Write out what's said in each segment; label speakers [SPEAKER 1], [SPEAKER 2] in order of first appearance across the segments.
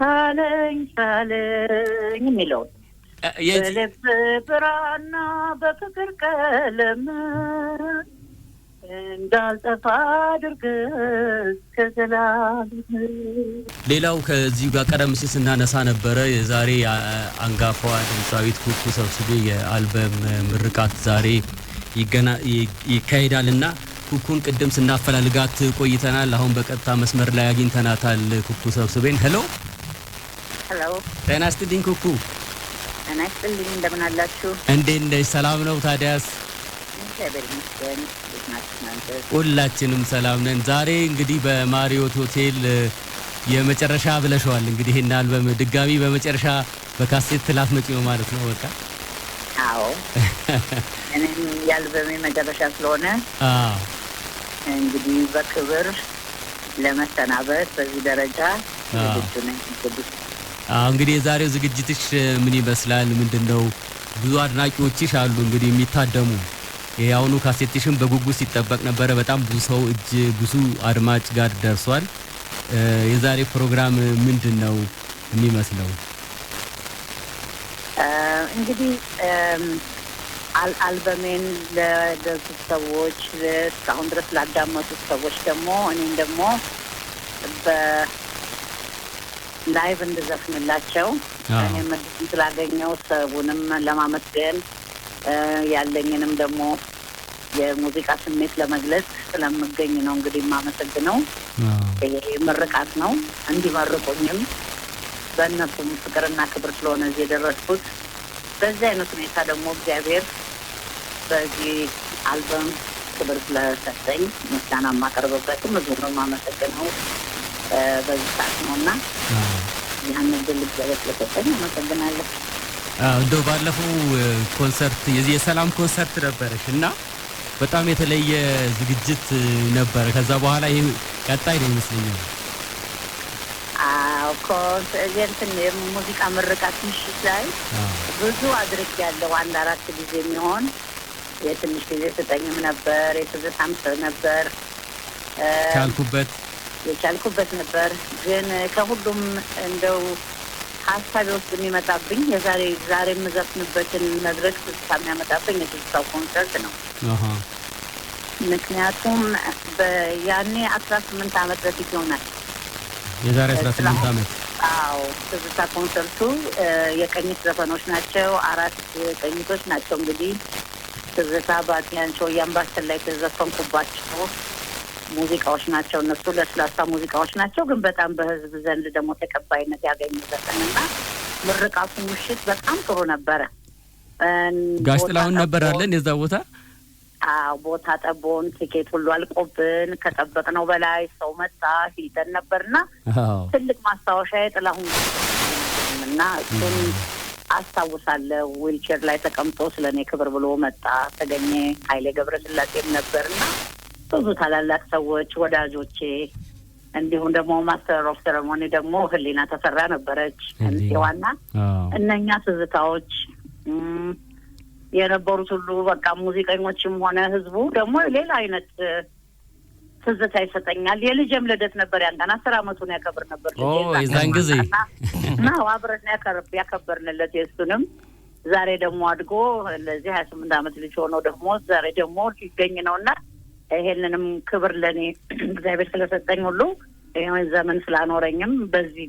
[SPEAKER 1] ሳለኝ ሳለኝ የሚለውን በልብ ብራና በፍቅር ቀለም
[SPEAKER 2] ሌላው ከዚሁ ጋር ቀደም ሲል ስናነሳ ነበረ የዛሬ አንጋፋዋ ድምፃዊት ኩኩ ሰብስቤ የአልበም ምርቃት ዛሬ ይካሄዳል እና ኩኩን ቅድም ስናፈላልጋት ቆይተናል። አሁን በቀጥታ መስመር ላይ አግኝተናታል። ኩኩ ሰብስቤን ሄሎ ሄሎ ጤና ይስጥልኝ ኩኩ።
[SPEAKER 1] ጤና ይስጥልኝ እንደምን አላችሁ?
[SPEAKER 2] እንዴት ነሽ? ሰላም ነው ታዲያስ? ሁላችንም ሰላም ነን። ዛሬ እንግዲህ በማሪዮት ሆቴል የመጨረሻ ብለሸዋል። እንግዲህ ይሄን አልበም ድጋሚ በመጨረሻ በካሴት መጪ ነው ማለት ነው? በቃ
[SPEAKER 1] አዎ፣ እኔም የአልበሜ መጨረሻ ስለሆነ እንግዲህ በክብር ለመሰናበት በዚህ ደረጃ ዝግጁ ነኝ።
[SPEAKER 2] እንግዲህ የዛሬው ዝግጅትሽ ምን ይመስላል? ምንድን ነው? ብዙ አድናቂዎችሽ አሉ እንግዲህ የሚታደሙ የአሁኑ ካሴትሽም በጉጉት ሲጠበቅ ነበረ። በጣም ብዙ ሰው እጅ ብዙ አድማጭ ጋር ደርሷል። የዛሬ ፕሮግራም ምንድን ነው የሚመስለው?
[SPEAKER 1] እንግዲህ አልበሜን ለደረሱት ሰዎች፣ እስካሁን ድረስ ላዳመጡት ሰዎች ደግሞ እኔም ደግሞ ላይቭ እንድዘፍንላቸው እኔም እድል ስላገኘው ሰቡንም ለማመስገን ያለኝንም ደግሞ የሙዚቃ ስሜት ለመግለጽ ስለምገኝ ነው እንግዲህ የማመሰግነው። ይሄ ምርቃት ነው እንዲመርቁኝም በእነሱም ፍቅርና ክብር ስለሆነ እዚህ የደረስኩት። በዚህ አይነት ሁኔታ ደግሞ እግዚአብሔር በዚህ አልበም ክብር ስለሰጠኝ ምስጋና የማቀርብበትም እዚሁ ነው የማመሰግነው። በዚህ ሰዓት ነው እና ያን ድል እግዚአብሔር ስለሰጠኝ አመሰግናለሁ።
[SPEAKER 2] እንደው ባለፈው ኮንሰርት የዚህ የሰላም ኮንሰርት ነበረሽ እና በጣም የተለየ ዝግጅት ነበረ። ከዛ በኋላ ይህ ቀጣይ ነው ይመስለኛል።
[SPEAKER 1] ኮንሰርትን የሙዚቃ ምርቃት ምሽት ላይ ብዙ አድርግ ያለው አንድ አራት ጊዜ የሚሆን የትንሽ ጊዜ ስጠኝም ነበር የትዝታም ነበር ቻልኩበት የቻልኩበት ነበር። ግን ከሁሉም እንደው ሀሳቤ ውስጥ የሚመጣብኝ የዛሬ ዛሬ የምዘፍንበትን መድረክ ስታ የሚያመጣብኝ የትዝታው ኮንሰርት ነው። ምክንያቱም ያኔ አስራ ስምንት አመት በፊት ይሆናል
[SPEAKER 2] የዛሬ አስራ ስምንት አመት
[SPEAKER 1] አዎ ትዝታ ኮንሰርቱ የቀኝት ዘፈኖች ናቸው። አራት ቀኝቶች ናቸው እንግዲህ ትዝታ፣ ባቲያን፣ ሾህ፣ ላይ ተዘፈንኩባቸው ሙዚቃዎች ናቸው። እነሱ ለስላሳ ሙዚቃዎች ናቸው፣ ግን በጣም በህዝብ ዘንድ ደግሞ ተቀባይነት ያገኙ ና ምርቃቱ ምሽት በጣም ጥሩ ነበረ።
[SPEAKER 2] ጋሽ ጥላሁን ነበራለን የዛ ቦታ
[SPEAKER 1] አዎ ቦታ ጠቦን፣ ቲኬት ሁሉ አልቆብን፣ ከጠበቅነው በላይ ሰው መጣ። ሂልተን ነበርና ትልቅ ማስታወሻ የጥላሁን እና እሱን አስታውሳለሁ። ዊልቸር ላይ ተቀምጦ ስለ እኔ ክብር ብሎ መጣ። ተገኘ ኃይሌ ገብረ ነበር። ነበርና ብዙ ታላላቅ ሰዎች ወዳጆቼ፣ እንዲሁም ደግሞ ማስተር ኦፍ ሴረሞኒ ደግሞ ህሊና ተሰራ ነበረች ዋና እነኛ ትዝታዎች የነበሩት ሁሉ በቃ ሙዚቀኞችም ሆነ ህዝቡ ደግሞ ሌላ አይነት ትዝታ ይሰጠኛል። የልጅም ልደት ነበር ያን ቀን አስር አመቱን ያከብር ነበር የዛን ጊዜ እና አብረን ያከበርንለት የእሱንም ዛሬ ደግሞ አድጎ ለዚህ ሀያ ስምንት አመት ልጅ ሆነው ደግሞ ዛሬ ደግሞ ሊገኝ ነው እና ይሄንንም ክብር ለእኔ እግዚአብሔር ስለሰጠኝ ሁሉ ዘመን ስላኖረኝም በዚህ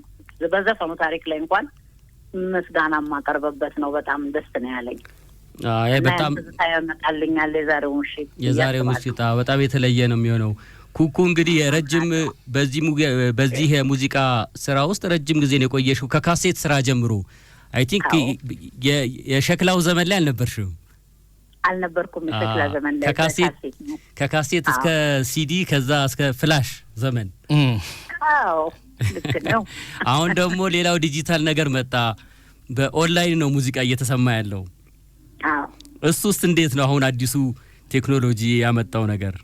[SPEAKER 1] በዘፈኑ ታሪክ ላይ እንኳን ምስጋና የማቀርብበት ነው። በጣም ደስ ነው ያለኝ። በጣም ያመጣልኛል የዛሬው ምሽት
[SPEAKER 2] የዛሬው ምሽት በጣም የተለየ ነው የሚሆነው። ኩኩ እንግዲህ ረጅም በዚህ የሙዚቃ ስራ ውስጥ ረጅም ጊዜ ነው የቆየሽው ከካሴት ስራ ጀምሮ አይ ቲንክ የሸክላው ዘመን ላይ አልነበርሽም?
[SPEAKER 1] አልነበርኩም። ሸክላ ዘመን
[SPEAKER 2] ላይ ከካሴት እስከ ሲዲ ከዛ እስከ ፍላሽ ዘመን።
[SPEAKER 1] አዎ ልክ
[SPEAKER 2] ነው። አሁን ደግሞ ሌላው ዲጂታል ነገር መጣ። በኦንላይን ነው ሙዚቃ እየተሰማ ያለው። እሱ ውስጥ እንዴት ነው አሁን አዲሱ ቴክኖሎጂ ያመጣው ነገር?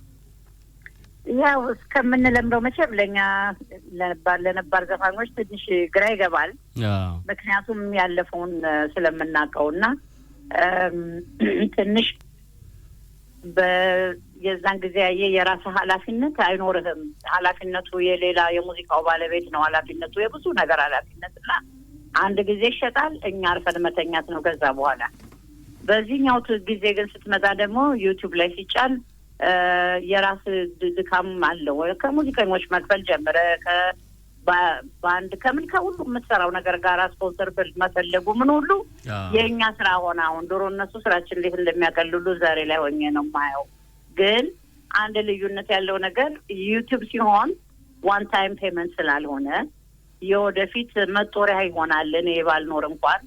[SPEAKER 1] ያው እስከምንለምደው መቼም ለእኛ ለነባር ለነባር ዘፋኞች ትንሽ ግራ ይገባል። ምክንያቱም ያለፈውን ስለምናውቀው እና ትንሽ የዛን ጊዜ ያየ የራስ ኃላፊነት አይኖርህም። ኃላፊነቱ የሌላ የሙዚቃው ባለቤት ነው። ኃላፊነቱ የብዙ ነገር ኃላፊነት እና አንድ ጊዜ ይሸጣል። እኛ አርፈን መተኛት ነው ከዛ በኋላ። በዚህኛው ጊዜ ግን ስትመጣ ደግሞ ዩቲዩብ ላይ ሲጫን የራስ ድካም አለው። ከሙዚቀኞች መክፈል ጀምረ በአንድ ከምን ከሁሉ የምትሰራው ነገር ጋር ስፖንሰር ብል መፈለጉ ምን ሁሉ የእኛ ስራ ሆነ። አሁን ድሮ እነሱ ስራችን እንዴት እንደሚያቀልሉ ዛሬ ላይ ሆኜ ነው የማየው። ግን አንድ ልዩነት ያለው ነገር ዩቲዩብ ሲሆን ዋን ታይም ፔመንት ስላልሆነ የወደፊት መጦሪያ ይሆናል። እኔ ባልኖር እንኳን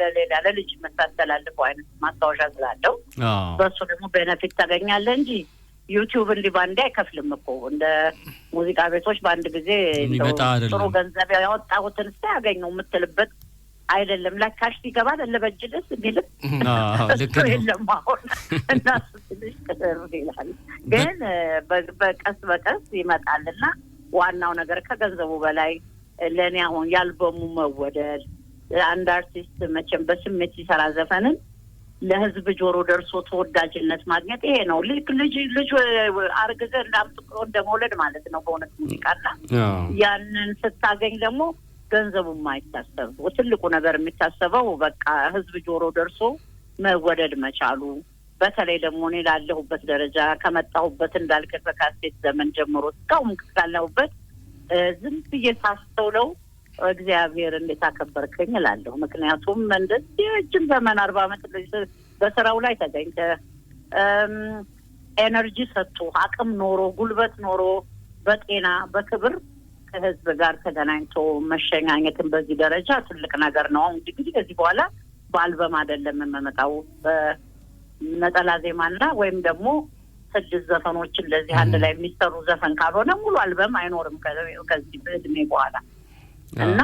[SPEAKER 1] ለሌላ ለልጅ የምታስተላልፈው አይነት ማስታወሻ ስላለው በእሱ ደግሞ ቤነፊት ታገኛለህ እንጂ ዩቲዩብ እንዲህ ባንዴ አይከፍልም እኮ እንደ ሙዚቃ ቤቶች በአንድ ጊዜ ጥሩ ገንዘብ ያወጣሁትን ስ ያገኘው የምትልበት አይደለም። ላካሽ ሲገባ ለበጅ ደስ የሚልም የለም። አሁን እናሱ ግን በቀስ በቀስ ይመጣልና ዋናው ነገር ከገንዘቡ በላይ ለእኔ አሁን ያልበሙ መወደድ አንድ አርቲስት መቼም በስሜት ሲሰራ ዘፈንን ለህዝብ ጆሮ ደርሶ ተወዳጅነት ማግኘት ይሄ ነው። ልክ ልጅ ልጅ አርግዘ እንዳምጥቅሮ እንደመውለድ ማለት ነው በእውነት ሙዚቃና ያንን ስታገኝ ደግሞ ገንዘቡ የማይታሰብ ትልቁ ነገር የሚታሰበው በቃ ህዝብ ጆሮ ደርሶ መወደድ መቻሉ። በተለይ ደግሞ እኔ ላለሁበት ደረጃ ከመጣሁበት እንዳልከ በካሴት ዘመን ጀምሮ እስካሁን ካለሁበት ዝም ብዬ ሳስተውለው እግዚአብሔር እንዴት አከበርከኝ እላለሁ። ምክንያቱም እንደዚህ ረጅም ዘመን አርባ ዓመት በስራው ላይ ተገኝተ ኤነርጂ ሰጥቶ አቅም ኖሮ ጉልበት ኖሮ በጤና በክብር ከህዝብ ጋር ተገናኝቶ መሸኛኘትን በዚህ ደረጃ ትልቅ ነገር ነው። አሁን እንግዲህ ከዚህ በኋላ በአልበም አይደለም የምመጣው በነጠላ ዜማና ወይም ደግሞ ስድስት ዘፈኖችን ለዚህ አንድ ላይ የሚሰሩ ዘፈን ካልሆነ ሙሉ አልበም አይኖርም ከዚህ እድሜ በኋላ እና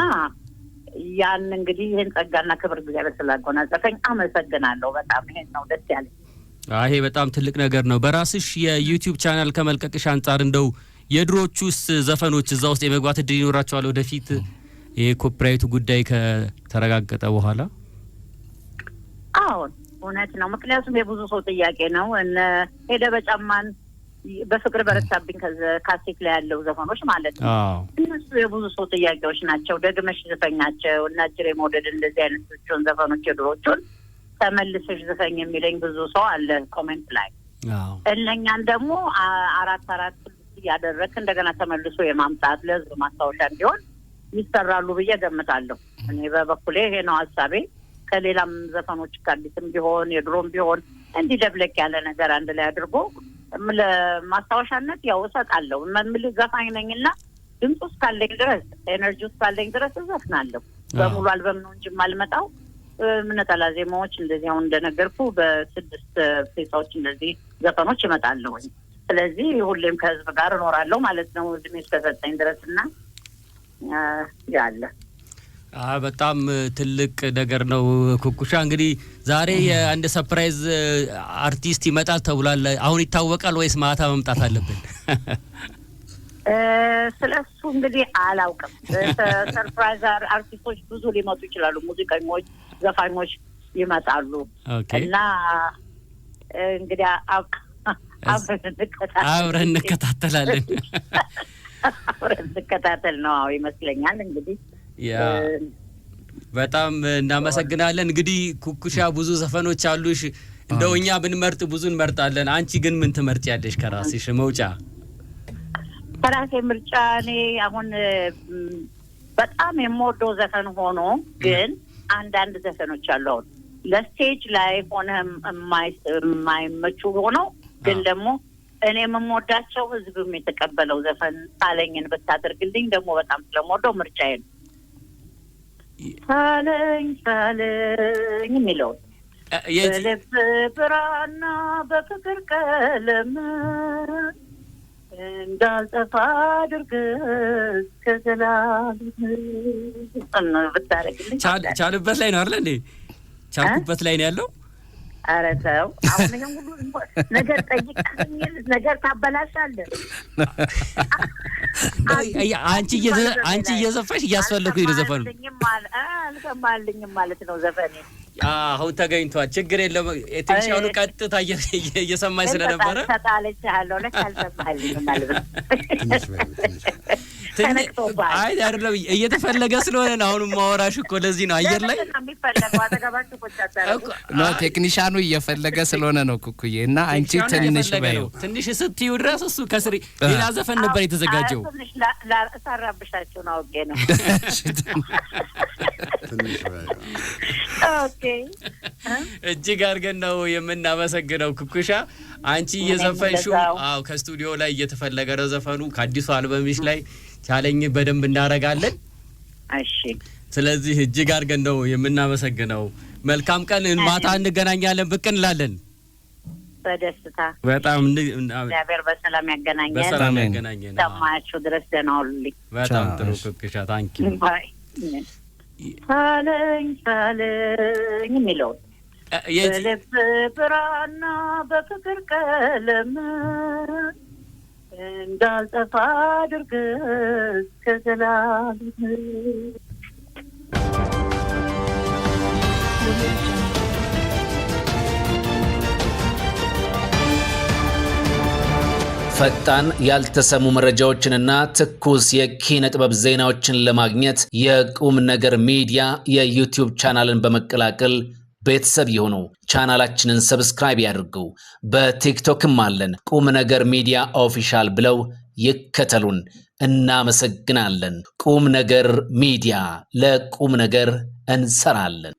[SPEAKER 1] ያን እንግዲህ ይህን ጸጋና ክብር እግዚአብሔር ስላጎናጸፈኝ አመሰግናለሁ። በጣም ይሄን ነው ደስ ያለኝ።
[SPEAKER 2] ይሄ በጣም ትልቅ ነገር ነው። በራስሽ የዩቲዩብ ቻናል ከመልቀቅሽ አንጻር እንደው የድሮቹስ ዘፈኖች እዛ ውስጥ የመግባት እድል ይኖራቸዋል ወደፊት የኮፒራይቱ ጉዳይ ከተረጋገጠ በኋላ?
[SPEAKER 1] አዎን፣ እውነት ነው። ምክንያቱም የብዙ ሰው ጥያቄ ነው። እነ ሄደ በጫማን በፍቅር በረታብኝ ካሴት ላይ ያለው ዘፈኖች ማለት ነው። እነሱ የብዙ ሰው ጥያቄዎች ናቸው። ደግመሽ ዝፈኛቸው እና ጅሬ መውደድ እንደዚህ አይነቶቹን ዘፈኖች የድሮቹን ተመልሰሽ ዝፈኝ የሚለኝ ብዙ ሰው አለ ኮሜንት ላይ። እነኛን ደግሞ አራት አራት እያደረግ እንደገና ተመልሶ የማምጣት ለህዝብ ማስታወሻ እንዲሆን ይሰራሉ ብዬ ገምታለሁ። እኔ በበኩሌ ይሄ ነው ሀሳቤ። ከሌላም ዘፈኖች ከአዲስም ቢሆን የድሮም ቢሆን እንዲህ ደብለቅ ያለ ነገር አንድ ላይ አድርጎ ለማስታወሻነት ያው እሰጣለሁ መምል ዘፋኝ ነኝና ድምፁ እስካለኝ ድረስ ኤነርጂ እስካለኝ ድረስ እዘፍናለሁ። በሙሉ አልበም ነው እንጂ የማልመጣው ነጠላ ዜማዎች እንደዚህ አሁን እንደነገርኩ በስድስት ፌሳዎች እንደዚህ ዘፈኖች እመጣለሁኝ። ስለዚህ ሁሌም ከህዝብ ጋር እኖራለሁ ማለት ነው እድሜ እስከሰጠኝ ድረስ እና ያለ
[SPEAKER 2] በጣም ትልቅ ነገር ነው። ኩኩሻ እንግዲህ ዛሬ የአንድ ሰርፕራይዝ አርቲስት ይመጣል ተብሏል። አሁን ይታወቃል ወይስ ማታ መምጣት አለብን?
[SPEAKER 1] ስለ እሱ እንግዲህ አላውቅም። ሰርፕራይዝ አርቲስቶች ብዙ ሊመጡ ይችላሉ። ሙዚቀኞች፣ ዘፋኞች ይመጣሉ እና እንግዲህ አብረን
[SPEAKER 2] እንከታተላለን።
[SPEAKER 1] አብረን እንከታተል ነው ይመስለኛል እንግዲህ
[SPEAKER 2] በጣም እናመሰግናለን። እንግዲህ ኩኩሻ ብዙ ዘፈኖች አሉሽ። እንደው እኛ ብንመርጥ ብዙ እንመርጣለን። አንቺ ግን ምን ያለሽ ከራስሽ መውጫ
[SPEAKER 1] ከራሴ ምርጫ እኔ አሁን በጣም የምወደው ዘፈን ሆኖ ግን አንዳንድ ዘፈኖች አሉ አሁን ለስቴጅ ላይ ሆነ የማይመቹ ሆነው ግን ደግሞ እኔ የምወዳቸው ህዝብም የተቀበለው ዘፈን ሳለኝን ብታደርግልኝ ደግሞ በጣም ስለምወደው ምርጫዬ ነው። ሳለኝ ሳለኝ የሚለውን በልብ ብራና በፍቅር ቀለም እንዳልጠፋ አድርግ እስከ ዘላለም ብታረግልኝ።
[SPEAKER 2] ቻልበት ላይ ነው አለ እንዴ? ቻልኩበት ላይ ነው ያለው
[SPEAKER 1] ኧረ ተው አሁን ይሄን ሁሉ ነገር ጠይቀህ ነገር ታበላሻለህ።
[SPEAKER 2] አንቺ እየዘፈንሽ እያስፈለግኩኝ ዘፈኑ
[SPEAKER 1] አልሰማልኝም ማለት ነው ዘፈኔ
[SPEAKER 2] አሁን ተገኝቷል። ችግር የለም። ቴንሽኑ ቀጥታ እየሰማኝ ስለነበረ
[SPEAKER 1] ተጣለች አለሁ ለች አልሰማልኝም ማለት ነው
[SPEAKER 2] አይ አይደለም፣ እየተፈለገ ስለሆነ ነው። አሁን ማወራሽ እኮ ለዚህ ነው። አየር ላይ ቴክኒሻኑ እየፈለገ ስለሆነ ነው ኩኩዬ። እና አንቺ ትንሽ በዩ ትንሽ ስትዩ ድረስ እሱ ከስሪ ሌላ ዘፈን ነበር የተዘጋጀው። እጅግ አድርገን ነው የምናመሰግነው ኩኩሻ። አንቺ እየዘፈንሽው አዎ፣ ከስቱዲዮ ላይ እየተፈለገ ነው ዘፈኑ ከአዲሱ አልበምሽ ላይ ቻለኝ በደንብ እናደርጋለን። እሺ። ስለዚህ እጅግ አድርገን ነው የምናመሰግነው። መልካም ቀን። ማታ እንገናኛለን፣ ብቅ እንላለን። በደስታ በጣም
[SPEAKER 1] እግዚአብሔር በሰላም ያገናኘን፣
[SPEAKER 2] በሰላም ያገናኘን።
[SPEAKER 1] ሰማያችሁ ድረስ ደህና ሁኑልኝ።
[SPEAKER 2] በጣም ጥሩ ክክሻ ታንኪ
[SPEAKER 1] ቻለኝ ቻለኝ የሚለውን በልብ ብራና በፍቅር ቀለም እንዳልጠፋ አድርግ ከዘላለም
[SPEAKER 2] ፈጣን ያልተሰሙ መረጃዎችንና ትኩስ የኪነ ጥበብ ዜናዎችን ለማግኘት የቁም ነገር ሚዲያ የዩቲዩብ ቻናልን በመቀላቀል ቤተሰብ የሆኑ ቻናላችንን ሰብስክራይብ ያድርጉ። በቲክቶክም አለን። ቁም ነገር ሚዲያ ኦፊሻል ብለው ይከተሉን። እናመሰግናለን። ቁም ነገር ሚዲያ ለቁም ነገር እንሰራለን።